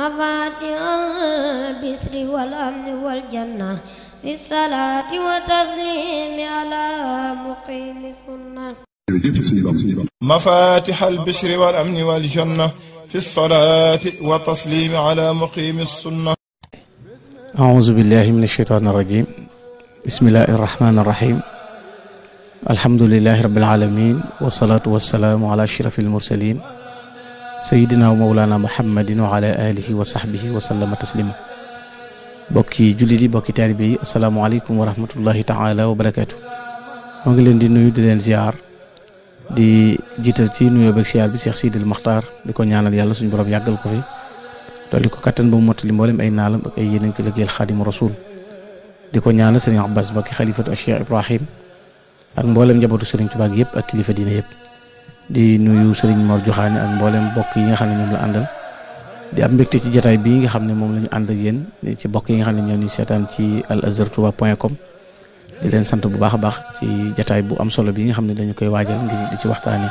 مفاتح البسر والأمن والجنة بالصلاة وتسليم على مقيم السنة مفاتح البشر والأمن والجنة في الصلاة والتسليم على مقيم السنة أعوذ بالله من الشيطان الرجيم بسم الله الرحمن الرحيم الحمد لله رب العالمين والصلاة والسلام على أشرف المرسلين sayidina mawlana muhammadin wa ala alihi wa sahbihi wa sallama taslima bokki jullit yi bokki taalibe yi asalaamaaleykum wa rahmatullahi taala wa barakaatu moo ngi leen di nuyu di leen ziar di jiital ci nuyoo beeg ziar bi Cheikh Sidil Maxtaar di ko ñaanal yàlla suñu borom yàggal ko fi dolli ko kattan ba mu mottali mboolem ay naalam ak ay yeneen ki liggéeyal xaadimu rasul di ko ñaanal sëriñ Abbas Mbacke xalifatu Cheikh Ibrahim ak mboolem njabootu sëriñ Tuubaa yëpp ak kilifa diine yëpp. di nuyu Serigne Mor Joxaane ak mboolem bokk yi nga xam ne ñoom la àndal di am mbégte ci jotaay bii nga xam ne moom la ñu ànd ak ci bokk yi nga xam ne ñoo ñu seetaan ci al azhar touba point com di leen sant bu baax a baax ci jotaay bu am solo bi nga xam ne dañu koy waajal ngir di ci waxtaane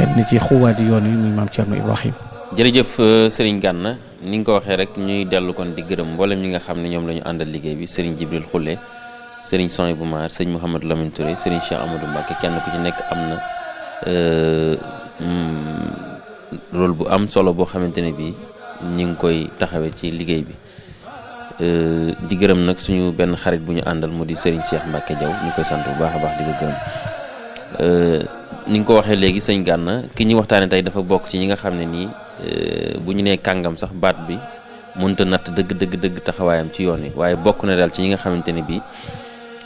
kenn ci xuwaati yoon wi muy maam Thierno Ibrahim. jërëjëf euh, Serigne Gana ni nga ko waxee rek ñuy dellu kon di gërëm mboolem ñi nga xam ne ñoom la ñu àndal liggéey bi Serigne Jibril Khoule Serigne Soy bu Maar Serigne Mouhamadou Lamine Touré Serigne Cheikh Amadou Mbacke kenn ku ci nekk am na Euh, hmm, loolu bu am solo boo xamante ne bii ñu ngi koy taxawee ci liggéey bi euh, di gërëm nag suñu benn xarit bu ñu àndal mu di Serigne Cheikh Mbacke Diaw ñu koy sant bu baax a baax di gërëm euh, ni nga ko waxee léegi sëñ Gànna ki ñuy waxtaanee tey dafa bokk ci ñi nga xam ne nii bu ñu nee kàngam sax baat bi mënta natt dëgg dëgg dëgg taxawaayam ci yoon wi waaye bokk na daal ci ñi nga xamante ne bii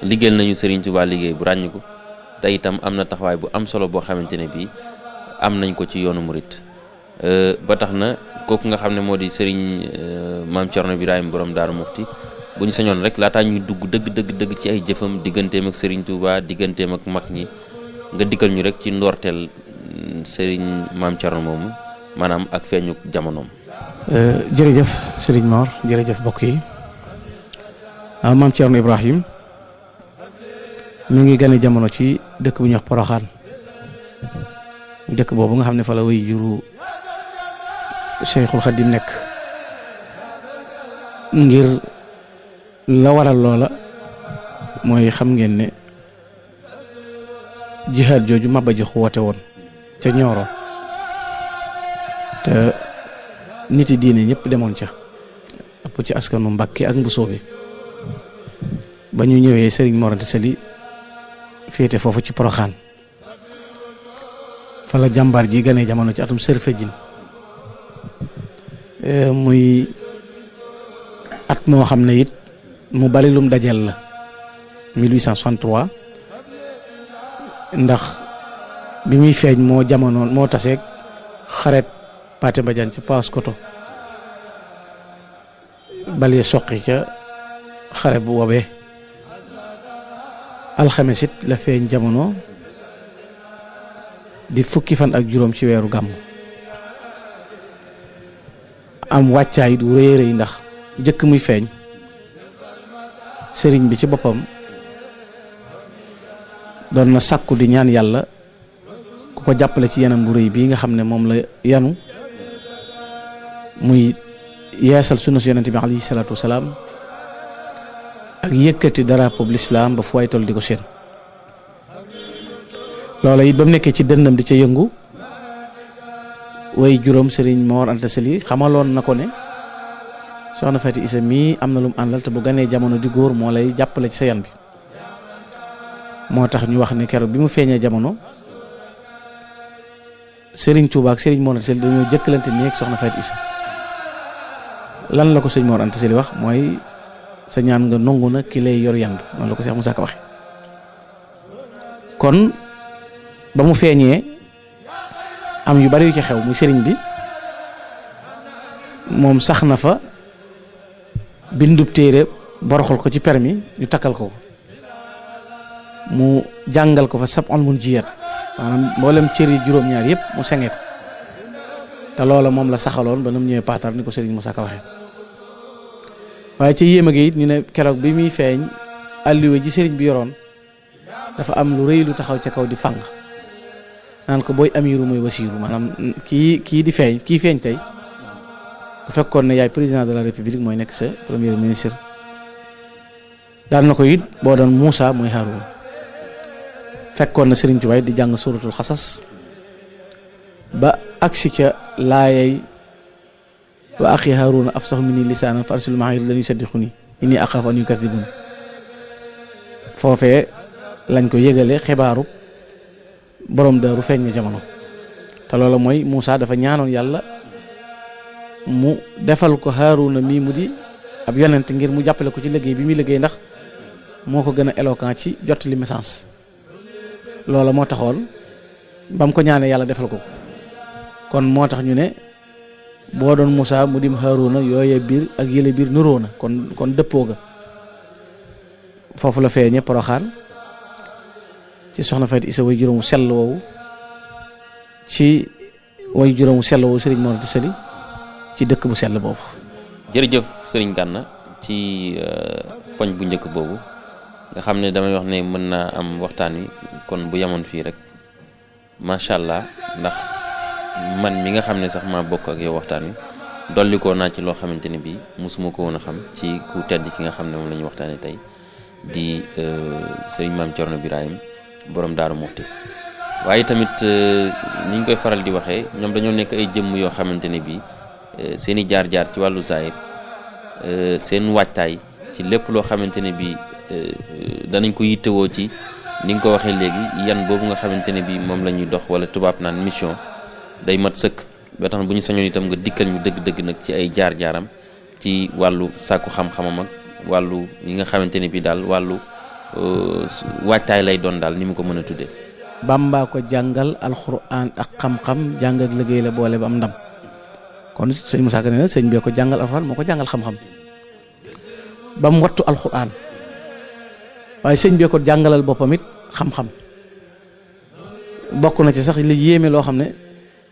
liggéeyal nañu Serigne Touba liggéey bu ràññiku te itam am na taxawaay bu am solo boo xamante ne bii am nañ ko ci yoonu murit euh, ba tax na kooku nga xam ne moo di sëriñ euh, maam Thierno Birahim borom Daaru Mufti bu ñu sañoon rek laataa ñuy dugg dëgg dëgg dëgg ci ay jëfam digganteem ak sëriñ Touba digganteem ak mag ñi nga dikkal ñu rek ci ndoorteel mm, sëriñ maam Thierno moomu maanaam ak feeñu jamonoom. Euh, jërëjëf sëriñ Mor jërëjëf mbokk yi ah, maam Thierno Ibrahim mi ngi gane jamono ci. dëkk bu ñuy wax Poroxaan dëkk boobu nga xam ne fala la way juru di Khadim nekk ngir la waral loola mooy xam ngeen ne jihaad jooju Maba Jaxu woote woon ca Ñooro te nit yi diine ñëpp demoon ca ëpp ci askanu Mbàkke ak Mbusoo bi ba ñu ñëwee sëriñ Mor Anta féete foofu ci poroxaan fala jàmbar ji gane jamono ci atum sërfëjin eh, muy at moo xam ne it mu bari lum dajel la 1863 ndax bi muy feeñ moo jamonoon moo taseeg xareeb Paate Mbadiane ci Paoskoto balee soqi ca xare bu woobee alxames la feeñ jamono di fukki fan ak juróom ci weeru gàmm am wàccaay du rëy rëy ndax jëkk muy feeñ sëriñ bi ci boppam doon na sàkku di ñaan yàlla ku ko jàppale ci yanam bu rëy bii nga xam ne moom la yanu muy yeesal sunna su yonente bi alayhi salaatu ak yëkkati dara bu lislaam ba fu waay di ko seen loola it ba mu nekkee ci dënnam di ca yëngu way juróom sëriñ Mor Anta Sali xamaloon na ko ne soxna Fati Isa mii am na lu mu àndal te bu ganee jamono di góor moo lay jàppale ci sa yan bi moo tax ñu wax ne keroog bi mu feeñee jamono sëriñ Touba ak sëriñ Mor Anta Sali dañoo jëkkalante néeg soxna Fati Isa lan la ko sëriñ Mor Anta Sali wax sa ñaan nga nangu na ki lay yor yand noonu la ko Cheikh Moussa Ka waxe kon ba mu feeñee am yu bari yu ci xew mu sëriñ bi moom sax na fa bindub téere boroxal ko ci permi ñu takkal ko mu jàngal ko fa sab on mun jiyat maanaam mboolem juróom-ñaar yëpp mu senge ko te moom la saxaloon ba nu mu ñëwee paatar ni ko sëriñ Moussa Ka waxe waaye ci yéem a it ñu ne keroog bi muy feeñ alluwa ji sëriñ bi yoroon dafa am lu rëy lu taxaw ca kaw di fang naan ko booy amiru mooy wasiiru maanaam kii kii di feeñ kii feeñ tey bu fekkoon ne yaay président de la république mooy nekk sa premier ministre daan na ko it boo doon Moussa mooy Haroun fekkoon na sëriñ Tuubaa di jàng suuratul xasas ba agsi ca laayay wa axi haaruna afsahu minni lisaanan fa arsil maa lan yusaddiquni inni axaafu an yukadibun foofee lañ ko yëgale xibaaru borom daaru feeñ na jamono te loola mooy Moussa dafa ñaanoon yàlla mu defal ko haaruna mii mu di ab yonent ngir mu jàppale ko ci liggéey bi muy liggéey ndax moo ko gën a éloquent ci jot li message loola moo taxoon bam ko ñaanee yàlla defal ko kon moo tax ñu ne boo doon Moussa mu dim Haaruna yooye biir ak yële biir nuroo na kon kon dëppoo ga foofu la feeñe poroxaan ci soxna Fat Isa way juróomu sell woowu ci way juróomu sell woowu sëriñ Mor Anta Sali ci dëkk bu sell boobu jërëjëf sëriñ Gana ci euh, poñ bu njëkk boobu nga xam ne damay wax ne mën naa am waxtaan wi kon bu yamoon fii rek macha allah ndax man mi nga xam ne sax maa bokk ak yow waxtaan wi dolli naa ci loo xamante ne bii mosuma ko woon a xam ci ku tedd ki nga xam ne moom la ñuy waxtaanee tey di euh, sëriñ maam Thierno Birahim borom Daaru Muxti waaye tamit euh, ni ñu koy faral di waxee ñoom dañoo nekk jëmm yoo xamante ne bii euh, seen i jaar-jaar ci wàllu zaahir seen waajtaay ci lépp loo xamante ne bii danañ ko yittewoo ci ni nga ko waxee léegi yan boobu nga xamante ne bii moom la ñuy dox wala tubaab naan mission. day mat sëkk ba tax bu ñu sañoon itam nga dikkal ñu dëgg-dëgg nag ci ay jaar-jaaram ci wàllu sàkku xam-xamam ak wàllu yi nga xamante ne bii daal wàllu euh, waajtaay lay doon daal ni mu ko mën a tuddee. Bàmbaa ko jàngal alxuraan ak xam-xam jàng liggéey la boole ba am ndam kon sëñ mu Ka nee sëñ bee ko jàngal alxuraan moo ko jàngal xam-xam ba mu wattu alxuraan waaye sëñ bee ko jàngalal boppam it xam-xam bokk na ci sax li yéeme loo xam ne.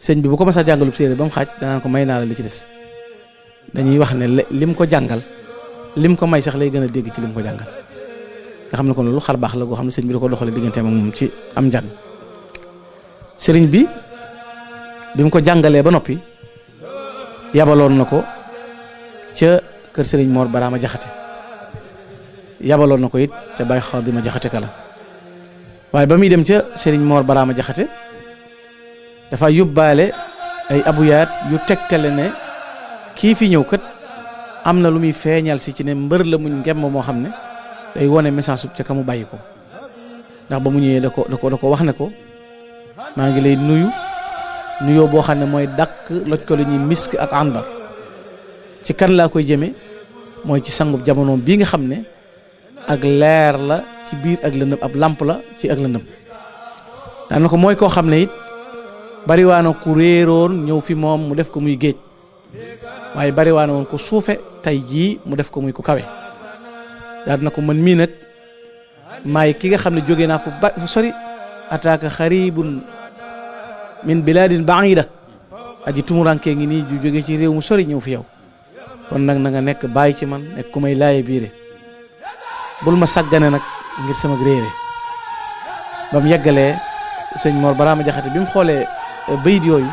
sëñ bi bu ko mas a jàngalub séeréer ba mu xaaj danaan ko may naa la li ci des dañuy wax ne lim ko jàngal lim ko may sax lay gën a dégg ci lim ko jàngal nga xam ne kon loolu xar baax la goo xam ne sëñ bi da ko doxalee diggante ak moom ci am njàng sëriñ bi bi mu ko jàngalee ba noppi yabaloon na ko ca kër sëriñ baraam a Jaxate yabaloon na ko it ca Baye ma Jaxate la waaye ba muy dem ca sëriñ Mor Baraama Jaxate dafa yóbbaale ay abuyaat yu tegtale ne kii fi ñëw kat am na lu muy feeñal si ci ne mbër la muñ ngemb moo xam ne day wone message sub ca ka mu bàyyi ko ndax ba mu ñëwee da ko da ko wax ne ko maa ngi lay nuyu nuyoo boo xam ne mooy dàq loj ko lu ñuy misk ak àndar ci kan laa koy jëme mooy ci sangub jamonoom bii nga xam ne ak leer la ci biir ak lëndëm ab làmp la ci ak lëndëm daana ko mooy koo xam ne it bari waana ku réeroon ñëw fi moom mu def ko muy géej waaye bari waana woon ko suufe tey jii mu def ko muy ku kawe daal na ko mën mii nag maay ki nga xam ne jóge naa fu ba fu sori ataaka xaribun min biladin baida aji tumuranke ngi nii ju jóge ci réew mu sori ñëw fi kon nag na nga nekk bàyyi ci man nekk ku may laaye biire bul ma sàggane nag ngir sama réere ba yeggalee sëñ Mor Baraama bi mu xoolee bayit yooyu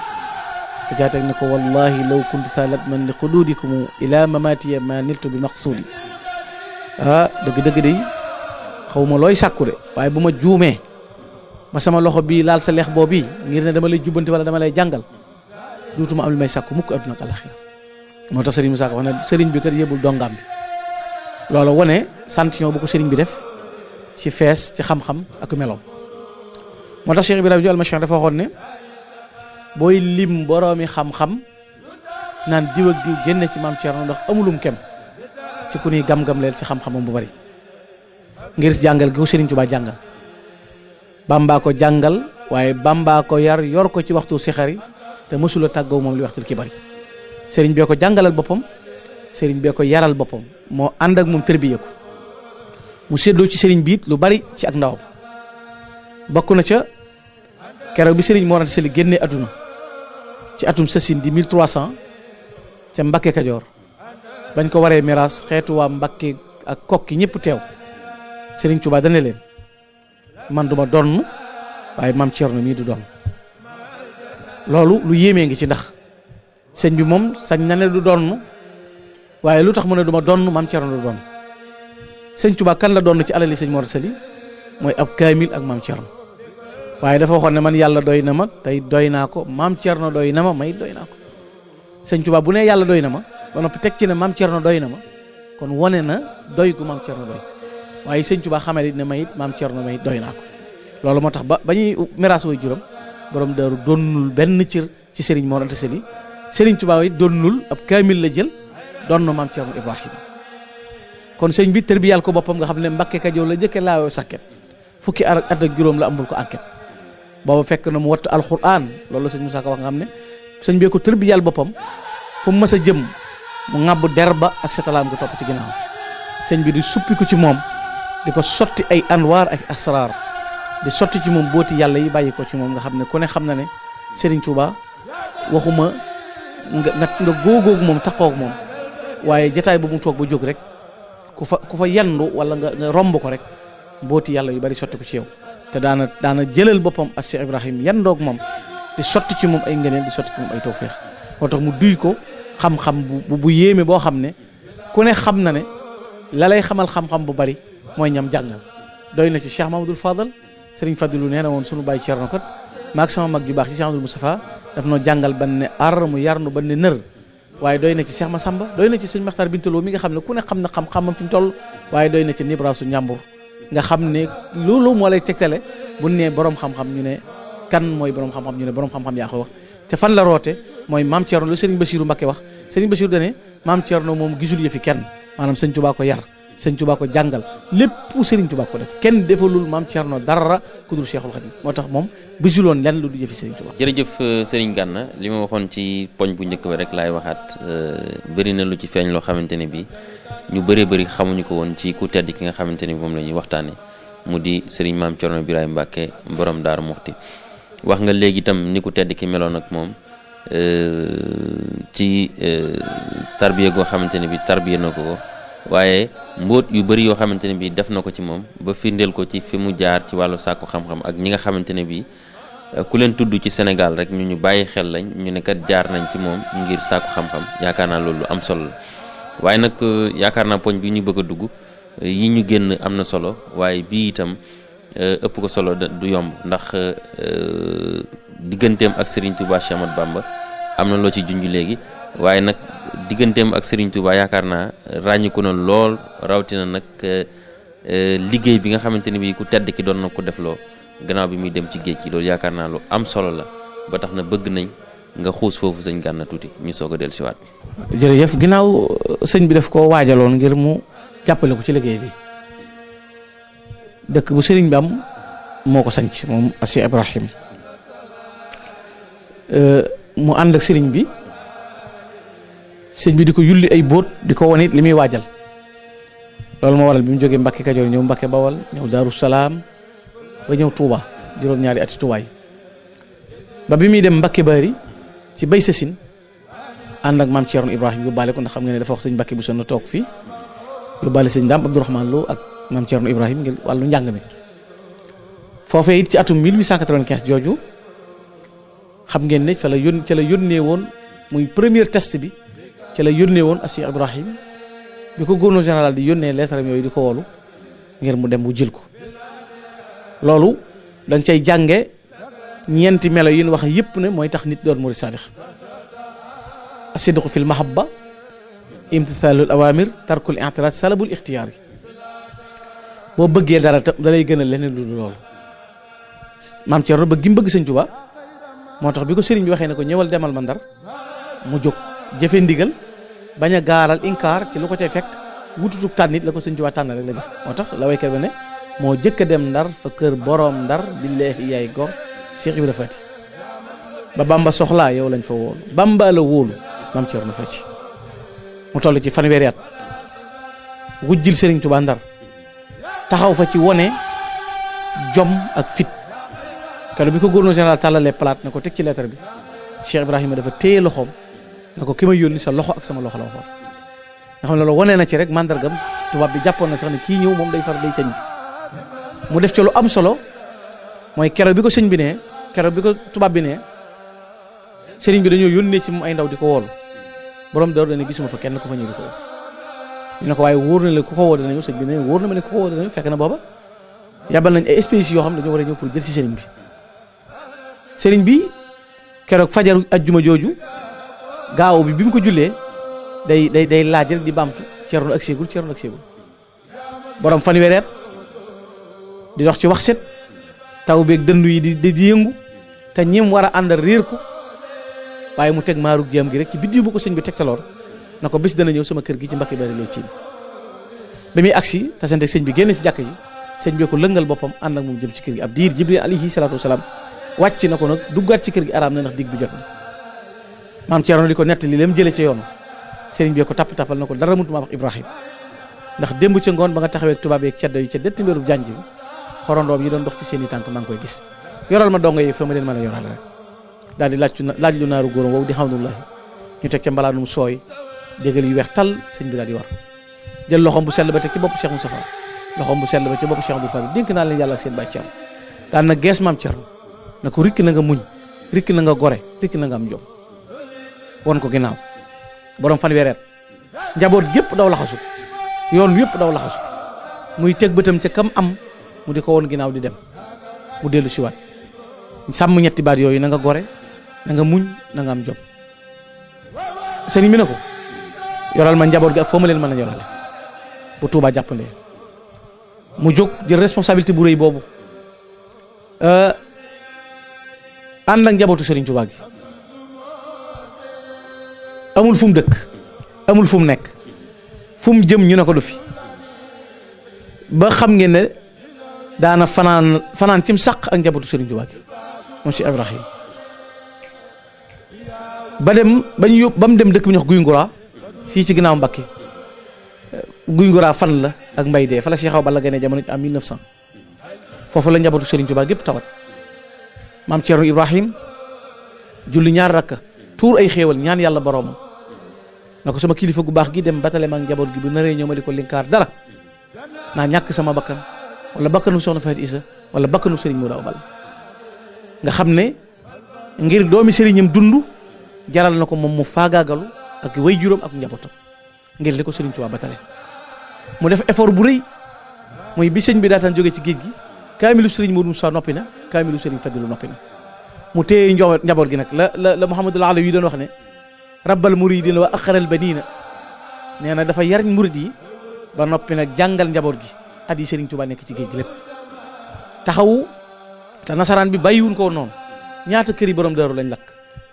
dacaa teg ne ko wallahi law kuntu thalat man li xuduudikumu ila mamatiya ma niltu bi maqsuudi ah dëgg-dëgg day xaw looy sàkku de waaye bu ma juumee ma sama loxo bii laal sa lex boo boobu ngir ne dama lay jubbante wala dama lay jàngal duutuma am li may sakku mukk adduna ak alaxira moo tax sëriñ Musaa Ka wax ne sëriñ bi kat yëbul dongam bi loolu wane santion bu ko sëriñ bi def ci fees ci xam-xam ak meloom moo tax Cheikh Ibrahima Al booy lim boroomi xam-xam naan diw ak diw génne ci maam Thierno ndax amulum kem ci ku ni gam-gam ci xam-xamam bu bari ngir jàngal gi ko Serigne Touba jàngal Bamba ko jàngal waaye Bamba ko yar yor ko ci waxtu sixari te mësula tàggoo moom li waxtul ki bari Serigne bee ko jàngalal boppam sëriñ bee ko yaral boppam moo ànd ak moom tërbiye ko mu séddoo ci sëriñ biit lu bari ci ak ndawam bokk na ca keroog bi sëriñ moo Anta Sali génnee àdduna ci atum sësin di 1300 ca Mbakke Kajoor bañ ko waree miraas xeetu waa Mbakke ak kokki ñëpp teew sëriñ Touba dane leen man duma donn waaye maam Thierno mii du donn loolu lu yéemee ngi ci ndax sëñ bi moom sañ na ne du donn waaye lu tax mu ne du ma donn maam Thierno du donn sëñ Touba kan la donn ci alali sëñ Mor Sali mooy ab kaamil ak maam Thierno waaye dafa waxoon ne man yàlla doy na ma tey doy naa ko maam na doy na ma may doy naa ko sëñ Tuubaa bu ne yàlla doy na ma ba noppi teg ci ne maam Thierno doy na ma kon wone na doy gu maam waaye sëñ Tuubaa xamee it ne may it maam may doy naa ko loolu moo tax ba ba ñuy miraas juróom borom daaru donnul benn cër ci Serigne Mor Anta Sali Serigne Touba it donnul ab kaamil la jël donn maam Thierno Ibrahima kon sëñ bi tërbiyal ko boppam nga xam ne Mbàkke Kajoor la jëkke laawoo sakket fukki at ak juróom la amul ko enquête booba fekk na mu watt alxuraan loolu la sëñ Moussa Ka wax nga xam ne sëñ bee ko tërbiyal boppam fu mu mës a jëm mu ŋàbb der ba ak setalaam ko topp ci ginnaaw sëñ bi di suppiku ci moom di ko sotti ay anwaar ak asraar di sotti ci moom booti yàlla yi bàyyi ko ci moom nga xam ne ku ne xam na ne seriñ Touba waxuma nga nga nga góogóog moom taxoog moom waaye jataay bu mu toog ba jóg rek ku fa ku fa yandu wala nga romb ko rek booti yàlla yu bari sotti ci yow. te daana daana jëlal boppam ak Cheikh Ibrahim yandoog moom di sotti ci moom ay ngëneel di sotti ci moom ay tawféex moo tax mu duy ko xam-xam bu bu yéeme boo xam ne ku ne xam na ne la lay xamal xam-xam bu bari mooy ñam jàngal doy na ci Cheikh Mamadou Fadal Serigne Fadilu nee na woon sunu bàyyi Cerno kat maag sama mag ju baax ci Cheikh Amadou Moustapha noo jàngal ban ne ar mu yar nu ban nër waaye doy na ci Cheikh Massamba doy na ci sëñ Maxtaar Bintaloo mi nga xam ne ku ne xam na xam-xamam fi mu toll waaye doy na ci Nibrasu Njàmbur nga xam ne loolu moo lay tegtale bu ne borom xam-xam ñu ne kan mooy borom xam-xam ñu ne borom xam-xam yaa koy wax te fan la roote mooy maam Thierno lu Serigne Bassirou Mbacké wax Serigne Bassirou dane maam Thierno moom gisul yëfi kenn maanaam sëñ Touba ko yar sëñ Touba ko jàngal lépp Serigne Touba ku dul moo tax moom gisuloon lenn lu du yëfi Serigne Touba. jërëjëf euh, Serigne Ganna li ma waxoon ci poñ bu njëkk bi rek laay waxaat euh, bëri na lu ci feeñ loo xamante ne bii. ñu bëree bari xamuñu ko woon ci ku tedd ki nga xamante ni moom la ñuy waxtaanee mu di sëriñ maam Thierno Birahim Mbacke borom Daaru Muxti wax nga léegi itam ni ku tedd ki meloon ak moom euh, ci euh, tarbiya goo xamante ne bi tarbiya na ko waaye mbóot yu bëri yoo xamante ne bi def na ko ci moom ba firndeel ko ci fi mu jaar ci wàllu sàkku xam ak ñi nga xamante ne bi euh, ku leen tudd ci Sénégal rek ñu ñu bàyyi xel lañ ñu ne kat jaar nañ ci moom ngir sàkku xam-xam yaakaar naa loolu am solo la waaye nag euh, yaakaar naa poñ bi ñu bëgg a dugg euh, yi ñu génn am na solo waaye bii itam euh, ëpp ko solo du yomb ndax digganteem ak Serigne Touba Cheikh Ahmadou Bamba am na loo ci junj léegi waaye nag digganteem ak Serigne Touba yaakaar naa ràññiku na lool rawatina nag liggéey bi nga xamante ni bii ku tedd ki doon na ko def loo gannaaw bi muy dem ci géej gi loolu yaakaar naa lu am solo la ba tax na bëgg nañ. nga xuus foofu sëñ gànna tuuti ñu soog a dellu siwaat jërëjëf ginnaaw uh, sëñ bi def koo waajaloon ngir mu jàppale ko ci liggéey bi dëkk bu sëriñ bi am moo ko sanc moom asi Ibrahim uh, mu ànd ak sëriñ bi sëñ bi di ko yulli ay bóot di ko wane li muy waajal loolu moo waral bi mu jógee mbakki Kajoor ñëw Mbacke Bawal ñëw Daaru Salaam ba ñëw tuuba juróom-ñaari ati tubaay ba bi muy dem Mbacke Bari ci bay sasin ànd ak maam Thierno Ibrahima yóbbaale ko ndax xam nga ne dafa wax sëñ Mbàkke bu sonna toog fii yóbbaale sëñ Daam Abdourahmane Lo ak maam Thierno Ibrahima ngir wàllu njàng mi foofee it ci atum 1895 jooju xam ngeen ne fa la yón la yónnee woon muy premier test bi ci la yónnee woon ak Cheikh Ibrahim bi ko gouverneur général di yónnee leetaram yooyu di ko wolu ngir mu dem bu jël ko loolu dañ cay jànge ñeenti melo yi ñu wax yëpp ne mooy tax nit doon murid saadix asidqu fil ba imtithaalul awamir tarkul i'tiraaj salabul ixtiyaar yi boo bëggee dara dalay gëna leneen lu loolu maam Thierno bëgg gi mu bëgg sëñ Tuubaa moo tax bi ko sëriñ bi waxee ne ko ñëwal demal ma Ndar mu jóg jëfe ndigal bañ a gaaral inkaar ci lu ko cay fekk wututug tànn it la ko sëñ Tuubaa tànn rek la def moo tax la waykat ba ne moo jëkk a dem Ndar fa kër boroom Ndar billaahi yaay gor Cheikh Ibra Fati ba Bamba soxlaa yow lañ fa wóolu Bamba la wóolu maam Thierno ci fanweeri at wujjil Serigne fa ci wone jom ak fit bi ko gouverneur général tàllalee plate na ko teg ci lettre bi Cheikh Ibrahima dafa téye loxoom na ko ki ma yónni sa loxo ak sama loxo la waxoon xam ne loolu wane na ci rek mandargam tubaab bi jàppoon na sax ne kii ñëw moom day far day sëñ bi mu def ci am solo. mooy keroog bi ko sëñ bi ne keroog bi ko tubaab bi ne sëriñ bi dañoo yónnee ci mu ay ndaw di ko woolu borom daru dana gisuma fa kenn ku fa ñëw di ko woo ñu ne ko waaye wóor na la ko ko woo danañu sëñ bi ne wóor na ma ne ku ko woo danañu fekk na booba yabal nañ ay espèces yoo xam ne dañoo war a ñëw pour jël ci sëriñ bi sëriñ bi keroog fajaru ajjuma jooju gaaw bi bi mu ko jullee day day day laaj rek di baamtu ceerno ak séegul ceerno ak séegul borom fanweer di ci wax set taw beeg dënd yi di di yëngu te ñim war a àndal riir ko waaye mu teg maaru géem gi rek ci biddiw bu ko sëñ bi tegtaloon na ko bis dana ñëw sama kër gi ci Mbàkke Bari loo tiim ba muy agsi tasante sëñ bi génn ci jàkk ji sëñ bee ko lëngal boppam ànd ak moom jëm ci kër gi ab diir Jibril alayhi salaatu wasalaam wàcc na ko nag duggaat ci kër gi araam na ndax digg bi jot na maam Ceerno li ko nett li lem jële ci yoon sëriñ bi ko tapp tappal na ko dara mënut maa ndax démb ca ngoon ba nga taxawee tubaab yeeg ceddo ca detti mbeerub jànj xorondoom yi doon dox ci seen i tànk maa ngi koy gis yoral ma dongo yi fa ma leen mën a yoral rek daal di laaj laaj lu naaru góoram wow di xamdullahi ñu teg ca mbalaanum sooy dégal yu weex tal sëñ bi daal di war jël loxoom bu sell ba teg ci bopp Cheikh Moustapha loxoom bu sell ba ci bopp Cheikh Abdou Fadil dénk naa leen yàlla seen bàyyi Thierno daan na gees maam Thierno na ko rikk na nga muñ rikk na nga gore rikk na nga am jom won ko ginnaaw borom fan weereet njaboot gépp daw laxasu yoon yëpp daw laxasu muy teg bëtam ca mu di ko woon ginnaaw di dem mu dellu siwaat waat sàmm ñetti baat yooyu na gore na nga muñ na am jom sëriñ bi ne ko yoral ma njaboot gi ak foo ma leen mën a yorale bu Tuubaa mu jóg jël responsabilité bu rëy boobu euh, ànd ak njabootu sëriñ Tuubaa gi amul fu dëkk amul fu mu nekk fu jëm ñu nekko ko ba xam ngeen daana fanaan fanaan cim saq ak njabootu Serigne Touba gi moom Cheikh Ibrahim ba dem ba ñu mu dem dëkk bi ñu wax Guy Ngura fii ci ginnaaw Mbakke Guy Ngura fan la ak mbay dee fa la Cheikh Awa Balla gane jamono am 1900 foofu la njabootu Serigne Touba gépp tawat maam Thierno Ibrahim julli ñaar rakka tuur ay xéewal ñaan yàlla boroomam na ko sama kilifa gu baax gi dem batale ma ak njaboot gi bu naree ñëw ma di ko linkaar dara naa ñàkk sama bakkan. wala bakkanu soxna Fat Isa wala bakkanu sëriñ Modou Awa Balla nga xam ne ngir doomi sëriñam dund jaral na ko moom mu faagaagalu ak way juróom ak njabootam ngir li ko sëriñ Tuubaa batale mu def effort bu rëy mooy bi sëñ bi daataan jóge ci géej gi kaamilu sëriñ Modou Moussa noppi na kaamilu sëriñ Fadilu noppi na mu téye njaboot gi nag la la la Muhammadul Alawi doon wax ne rabal rabbal dina wa aqaral banina nee na dafa yar murid yi ba noppi nag jàngal njaboot gi at yi Serigne Touba nekk ci géej gi lépp taxawu te nasaraan bi bàyyiwuñ ko noon ñaata kër yi borom daaru lañ lakk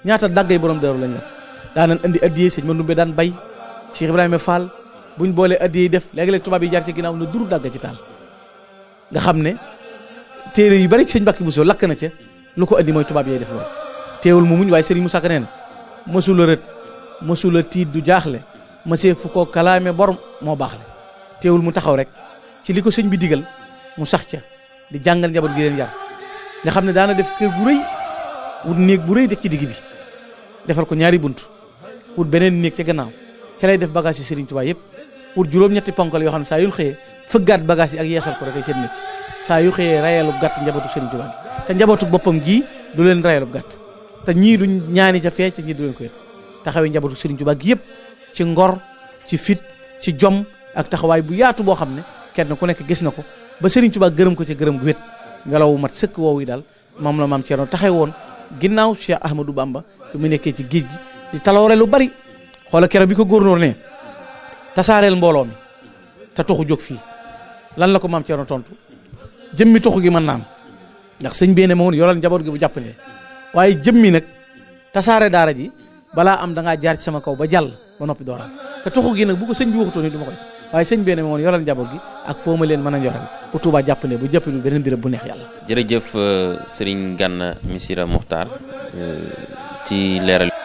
ñaata daggay borom daaru lañ lakk daanan andi addiyee sëñ Mandoumbe daan bay Cheikh Ibrahima Fall buñ boolee addiyee def léegi-léeg tubaab yi jaar ci ginaaw na duru dagg ci taal nga xam ne téere yu bari ci sëñ Mbàkke Buso lakk na ca lu ko andi mooy tubaab yay def loolu teewul mu muñ waaye Serigne Moussa Ka nee na mësula tiit du jaaxle mësee fu ko borom moo baaxle teewul mu taxaw rek ci li ko sëñ bi digal mu sax ca di jàngal njaboot gi leen yar nga xam ne daana def kër bu rëy wut néeg bu rëy def ci digg bi defal ko ñaari bunt wut beneen néeg ca gannaaw ca lay def bagage yi Serigne Touba yëpp wut juróom-ñetti ponkal yoo xam ne saa yu xëyee fëggaat bagage yi ak yeesal ko rek a seen mécc saa yu xëyee rayalu gàtt njabootu Serigne Touba te njabootu boppam gi du leen rayalu gàtt te ñii du ñaani ca fee ca ñii du leen ko yëg taxawee njabootu Serigne Touba gi yëpp ci ngor ci fit ci jom ak taxawaay bu yaatu boo xam ne kenn ku nekk gis na ko ba Serigne Touba gërëm ko ci gërëm gu wét ngelawu mat sëkk woowu yi daal moom la maam Thierno taxee woon ginnaaw Cheikh Ahmadou Bamba bi mu nekkee ci géej gi di taloore lu bari xoola keroog bi ko góornóor ne tasaareel mbooloo mi te toxu jóg fii lan la ko maam tontu jëmmi toxu gi mën naam ndax sëñ bee ne ma woon yoral njaboot gi bu jàppalee waaye jëmmi nag tasaare daara ji balaa am da ngaa jaar ci sama kaw ba jàll ba noppi dooraat sëñ bi waaye sëñ bi ne moom yoral njaboot gi ak foo ma leen mën a yoral bu Touba jàpp ne bu jëpp beneen béréb bu neex yàlla. jërëjëf euh, Serigne Ganna Messere Mokhtar euh, ci leeral.